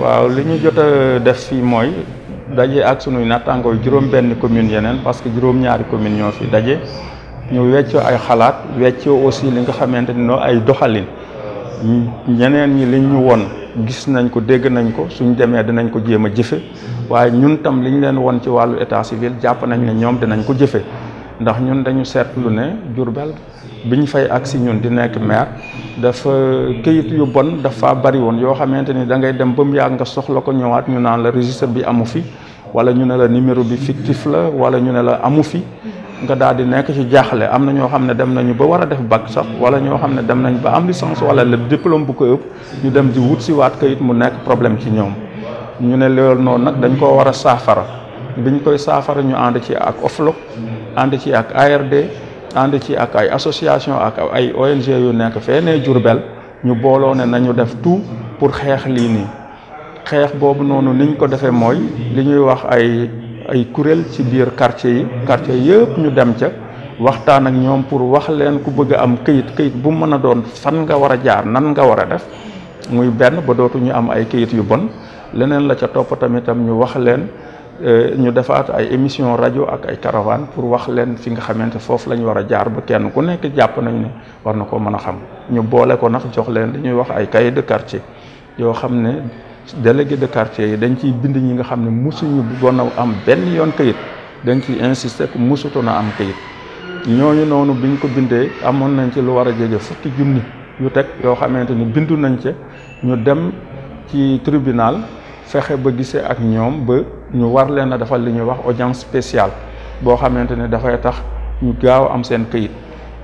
waaw li ñu jot a def fii mooy daje ak sunuy nattangoo juróom-benn commune yeneen parce que juróom-ñaari commune ñoo fi daje ñu weccoo ay xalaat weccoo aussi li nga xamante ni ay doxalin ñeneen ñi liñ ñu won gis nañ ko dégg nañ ko suñ demee dinañ ko jéem a jëfe waaye ñun tam li ñu leen won ci wàllu état civil jàpp nañ ne ñoom dinañ ko jëfe ndax ñun dañu seetlu né jurbel biñ fay fay si ñun di nekk maire dafa keuyit yu bon dafa bari won yo xamanteni da ngay dem ba ya nga soxla ko ñëwaat ñu naan la registre bi amu fi wala ñu ne la numéro bi fictif la wala ñu ne la amu fi nga daal di nekk ci jaxlé amna na xamné dem nañu ba wara def bac sax wala ño xamné dem nañ ba am licence wala le diplôme bu ko ëpp ñu dem di wut ci waat keuyit mu nekk problème ci ñoom ñu ne lool nak dañ ko wara safara biñ koy saafara ñu ànd ci ak OFLOC ànd ci ak ARD ànd ci ak ay association ak ay ONG yu nekk fenee Jurbel ñu booloo ne nañu def tout pour xeex lii nii xeex boobu noonu niñ ko defee mooy li ñuy wax ay ay kuréel ci biir quartier yi quartier yëpp ñu dem ca waxtaan ak ñoom pour wax leen ku bëgg am këyit këyit bu mën a doon fan nga war a jaar nan nga war a def muy benn ba dootuñu am ay këyit yu bon leneen la ca topp tamitam ñu wax leen Euh, ñu defaat ay émission rajo ak ay caravane pour wax leen fi nga xamante foofu la ñu war a jaar ba kenn ku nekk jàpp nañ ne war na ko mën a xam ñu boole ko nag jox leen dañuy wax ay cahier de quartier yoo xam ne délégué de quartier yi dañ ciy bind ñi nga xam ne musuñu buggoon a am benn yoon kayit dañ ciy insister que mosutoon a am kayit ñooñu noonu bi biñ ko bindee amoon nañ ci lu war a jege fukki junni yu teg yoo xamante ni bindu nañ ca ñu dem ci tribunal fexé ba gissé ak ñom ba ñu war leena dafal li ñu wax audience spéciale bo xamantene da fay tax ñu gaaw am seen këyit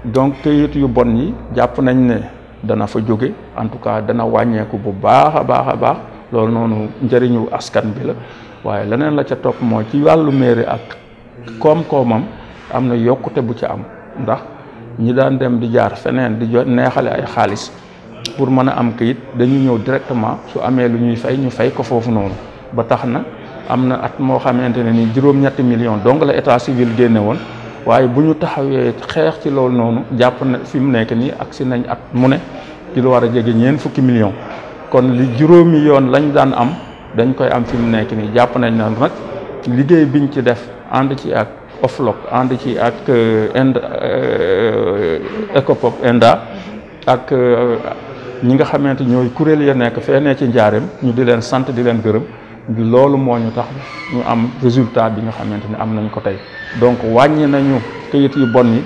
donc këyit yu bon yi japp nañ ne dana fa joggé en tout cas dana ko bu baaxa baaxa baax lool nonu loolu askan bi la waye leneen la ca top mo ci walu mairie ak kom komam am yokute bu ci am ndax ñi daan dem di jaar feneen di neexale ay xaaliss pour mën a am kayit dañu ñëw directement su amee lu ñuy fay ñu fay ko foofu noonu ba tax na am na at moo xamante ne ni juróom-ñetti million donc la état civil génne woon waaye bu ñu taxawee xeex ci loolu noonu jàpp na fi mu nekk nii si nañ at mu ne ci lu war a jege ñeent fukki million kon li juróomi yoon lañ daan am dañ koy am fi mu nekk nii jàpp nañ na nag liggéey biñ ci def ànd ci ak oflok ànd ci ak euh, ind euh, ecopop inda ak euh, ñi nga xamante ñooy kuréel ya nekk fee ne ci njaareem ñu di leen sant di leen gërëm loolu moo ñu tax ñu am résultat bi nga xamante ni am nañ ko tey donc wàññi nañu këyit yu bon yi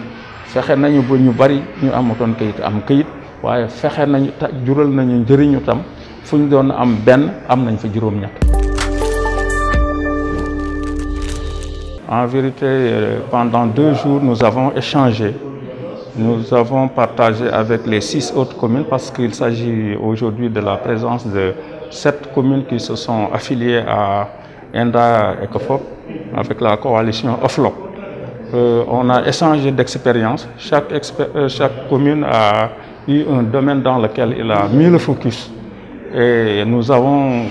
fexe nañu ba ñu bari ñu amatoon këyit am këyit waaye fexe nañu ta jural nañu njëriñu tam fu ñu doon am benn am nañ fa juróom-ñett. En vérité, euh, pendant deux jours, nous avons échangé nous avons partagé avec les six autres communes parce qu'il s'agit aujourd'hui de la présence de sept communes qui se sont affiliées à ENDA ECOFOP avec la coalition OFLOP. Euh, on a échangé d'expériences. Euh, chaque, commune a eu un domaine dans lequel il a mis le focus. Et nous avons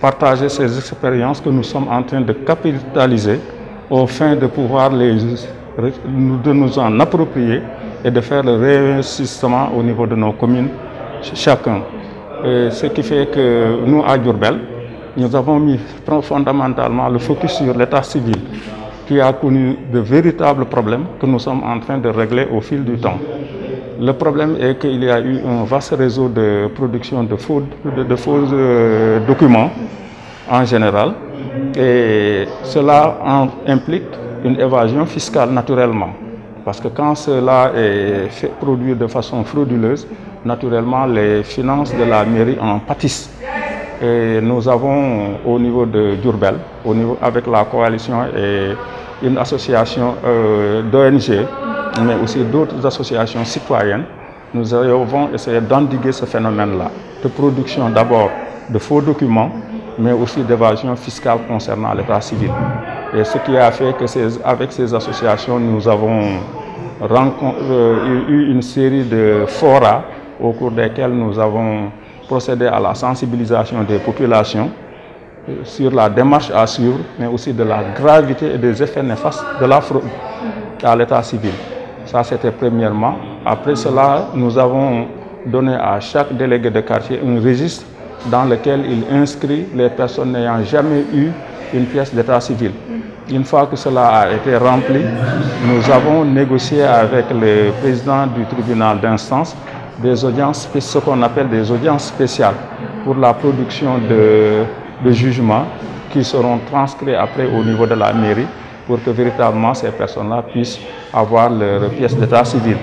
partagé ces expériences que nous sommes en train de capitaliser afin de pouvoir les, de nous en approprier et de faire le réinvestissement au niveau de nos communes, chacun. ce qui fait que nous, à Durbel, nous avons mis fondamentalement le focus sur l'état civil qui a connu de véritables problèmes que nous sommes en train de régler au fil du temps. Le problème est qu'il y a eu un vaste réseau de production de faux, de, euh, documents en général et cela implique une évasion fiscale naturellement. Parce que quand cela est produit de façon frauduleuse, naturellement les finances de la mairie en pâtissent. Et nous avons au niveau de Durbel, au niveau, avec la coalition et une association euh, d'ONG, mais aussi d'autres associations citoyennes, nous avons essayé d'endiguer ce phénomène-là, de production d'abord de faux documents, mais aussi d'évasion fiscale concernant l'état civil. Et ce qui a fait que avec ces associations, nous avons euh, eu une série de forats au cours desquels nous avons procédé à la sensibilisation des populations euh, sur la démarche à suivre, mais aussi de la gravité et des effets néfastes de la fraude à l'état civil. Ça, c'était premièrement. Après cela, nous avons donné à chaque délégué de quartier un registre dans lequel il inscrit les personnes n'ayant jamais eu une pièce d'état civil. Une fois que cela a été rempli, nous avons négocié avec le président du tribunal d'instance des audiences, ce qu'on appelle des audiences spéciales pour la production de, de jugements qui seront transcrits après au niveau de la mairie pour que véritablement ces personnes-là puissent avoir leur pièce d'état civil.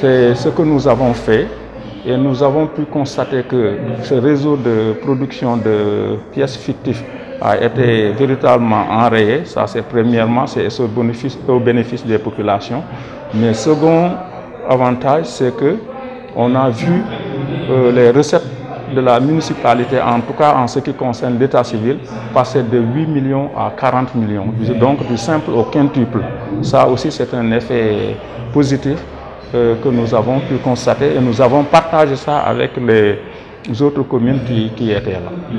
C'est ce que nous avons fait et nous avons pu constater que ce réseau de production de pièces fictives a été véritablement enrayé. Ça, c'est premièrement, c'est au bénéfice, bénéfice des populations. Mais second avantage, c'est que on a vu euh, les recettes de la municipalité, en tout cas en ce qui concerne l'état civil, passer de 8 millions à 40 millions, donc du simple au quintuple. Ça aussi, c'est un effet positif euh, que nous avons pu constater et nous avons partagé ça avec les autres communes qui, qui étaient là.